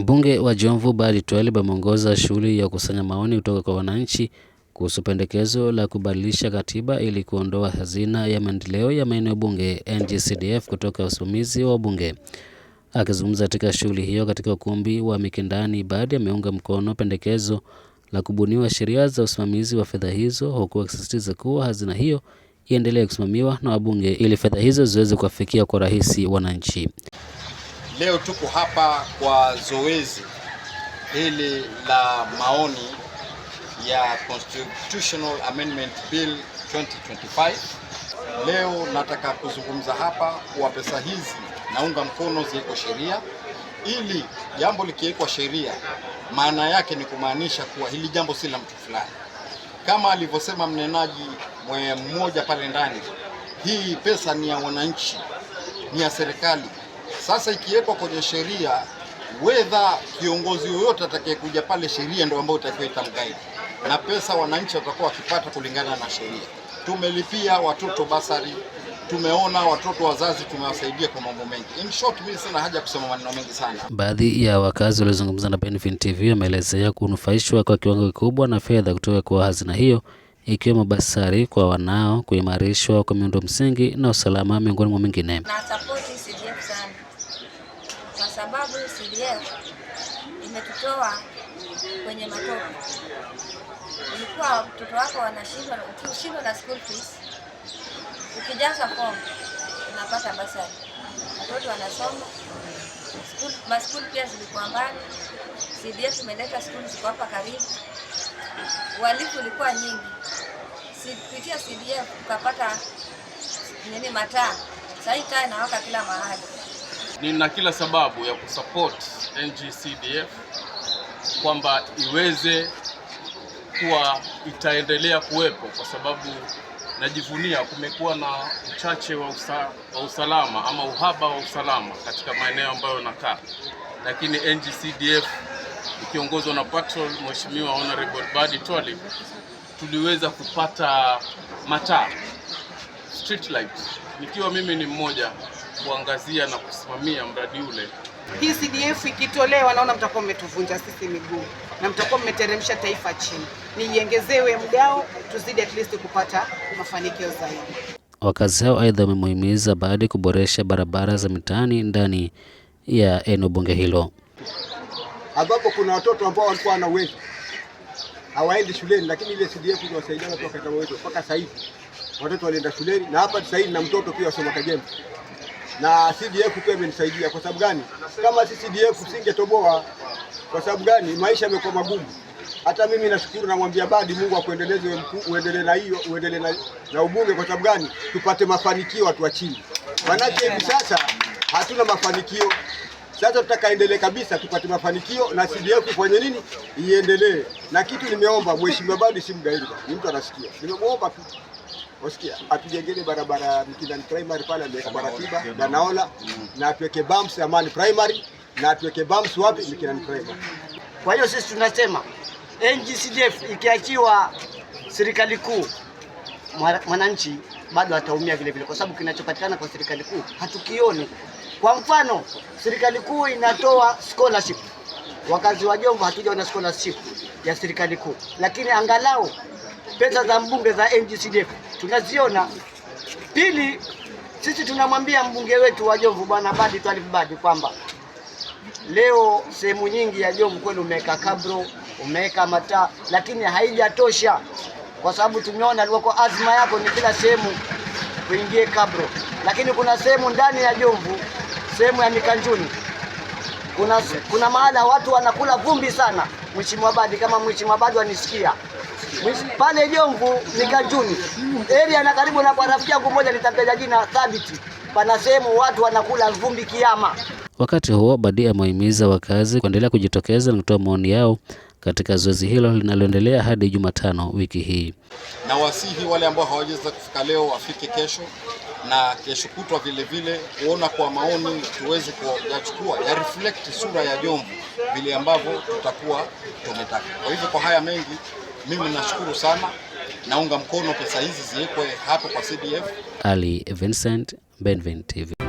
Mbunge wa Jomvu Badi Twalib ameongoza shughuli ya kukusanya maoni kutoka kwa wananchi kuhusu pendekezo la kubadilisha katiba ili kuondoa hazina ya maendeleo ya maeneo bunge NGCDF kutoka usimamizi wa bunge. Akizungumza katika shughuli hiyo katika ukumbi wa Mikindani, Badi ameunga mkono pendekezo la kubuniwa sheria za usimamizi wa fedha hizo, huku akisisitiza kuwa hazina hiyo iendelee kusimamiwa na wabunge ili fedha hizo ziweze kuwafikia kwa rahisi wananchi. Leo tuko hapa kwa zoezi hili la maoni ya Constitutional Amendment Bill 2025. Leo nataka kuzungumza hapa kwa pesa hizi naunga mkono ziwekwe sheria, ili jambo likiwekwa sheria, maana yake ni kumaanisha kuwa hili jambo si la mtu fulani, kama alivyosema mnenaji mmoja pale ndani, hii pesa ni ya wananchi, ni ya serikali sasa ikiwekwa kwenye sheria, wedha kiongozi yoyote atakayekuja pale, sheria ndio ambayo itakiwa itamgaidi, na pesa wananchi watakuwa wakipata kulingana na sheria. Tumelipia watoto basari, tumeona watoto wazazi, tumewasaidia kwa mambo mengi. In short, mimi sina haja kusema maneno mengi sana. Baadhi ya wakazi waliozungumza na Benfin TV wameelezea kunufaishwa kwa kiwango kikubwa na fedha kutoka kwa hazina hiyo ikiwemo basari kwa wanao, kuimarishwa kwa miundo msingi na usalama, miongoni mwa mengine. CDF imetutoa kwenye matope. Ilikuwa mtoto wako anashindwa ukiushindwa na school fees, ukijaza form unapata basari, watoto wanasoma school. Ma school pia zilikuwa mbali, CDF imeleta school ziko hapa karibu, uhalifu ulikuwa nyingi. Kupitia CDF ukapata nini, mataa sahii taa inawaka kila mahali nina kila sababu ya kusupport ngcdf kwamba iweze kuwa itaendelea kuwepo kwa sababu najivunia kumekuwa na uchache wa, usa, wa usalama ama uhaba wa usalama katika maeneo ambayo nakaa, lakini ngcdf ikiongozwa na patrol Mheshimiwa Honorable Badi toli tuliweza kupata mataa street lights, nikiwa mimi ni mmoja kuangazia na kusimamia mradi ule. Hii CDF ikitolewa, naona mtakuwa mmetuvunja sisi miguu na mtakuwa mmeteremsha taifa chini. Niiongezewe mgao, tuzidi at least kupata mafanikio zaidi. Wakazi hao aidha wamemuhimiza baada ya kuboresha barabara za mitaani ndani ya eneo bunge hilo, ambapo kuna watoto ambao walikuwa na uwezo hawaendi shuleni, lakini ile CDF iliwasaidia watu wakata uwezo. Mpaka sasa hivi watoto walienda shuleni, na hapa sasa hivi na mtoto pia wasoma Kajembe na CDF pia imenisaidia. Kwa sababu gani? Kama si CDF singetoboa. Kwa sababu gani? Maisha yamekuwa magumu. Hata mimi nashukuru, namwambia Badi Mungu akuendeleze, uendelee na hiyo, uendelee na, na ubunge. Kwa sababu gani? Tupate mafanikio watu wa chini, manake hivi sasa hatuna mafanikio. Sasa tutakaendelea kabisa, tupate mafanikio na CDF ifanye nini, iendelee na kitu. Nimeomba mheshimiwa Badi, si mgairi, ni mtu anasikia, nimemwomba tu Wasikia atujengele barabara ya Mikindani primary pale ameweka baratiba na naola na atuweke bumps Amani primary na atuweke bumps wapi Mikindani primary. Kwa hiyo sisi tunasema NGCDF ikiachiwa serikali kuu, mwananchi bado ataumia vile vile, kwa sababu kinachopatikana kwa serikali kuu hatukioni. Kwa mfano, serikali kuu inatoa scholarship, wakazi wa Jomvu hatujaona scholarship ya serikali kuu, lakini angalau pesa za mbunge za NGCDF tunaziona. Pili, sisi tunamwambia mbunge wetu wa Jomvu Bwana Badi Twalib Badi kwamba leo sehemu nyingi ya Jomvu kweli umeweka kabro, umeweka mataa, lakini haijatosha, kwa sababu tumeona alikuwa azma yako ni kila sehemu kuingie kabro, lakini kuna sehemu ndani ya Jomvu, sehemu ya Mikanjuni, kuna, kuna mahala watu wanakula vumbi sana. Mheshimiwa Badi, kama Mheshimiwa Badi wanisikia pale Jongo Mikajuni area na karibu na kwa rafiki yangu mmoja nitataja jina Thabiti, pana sehemu watu wanakula vumbi kiama. Wakati huo badi amewahimiza wakazi kuendelea kujitokeza na kutoa maoni yao katika zoezi hilo linaloendelea hadi Jumatano wiki hii, na wasihi wale ambao hawajaweza kufika leo wafike kesho na kesho kutwa vile vile, kuona kwa maoni tuweze kuyachukua ya reflect sura ya Jomvu vile ambavyo tutakuwa tumetaka. Kwa hivyo kwa haya mengi mimi nashukuru sana, naunga mkono pesa hizi ziwekwe hapo kwa CDF. Ali Vincent, Benvin TV.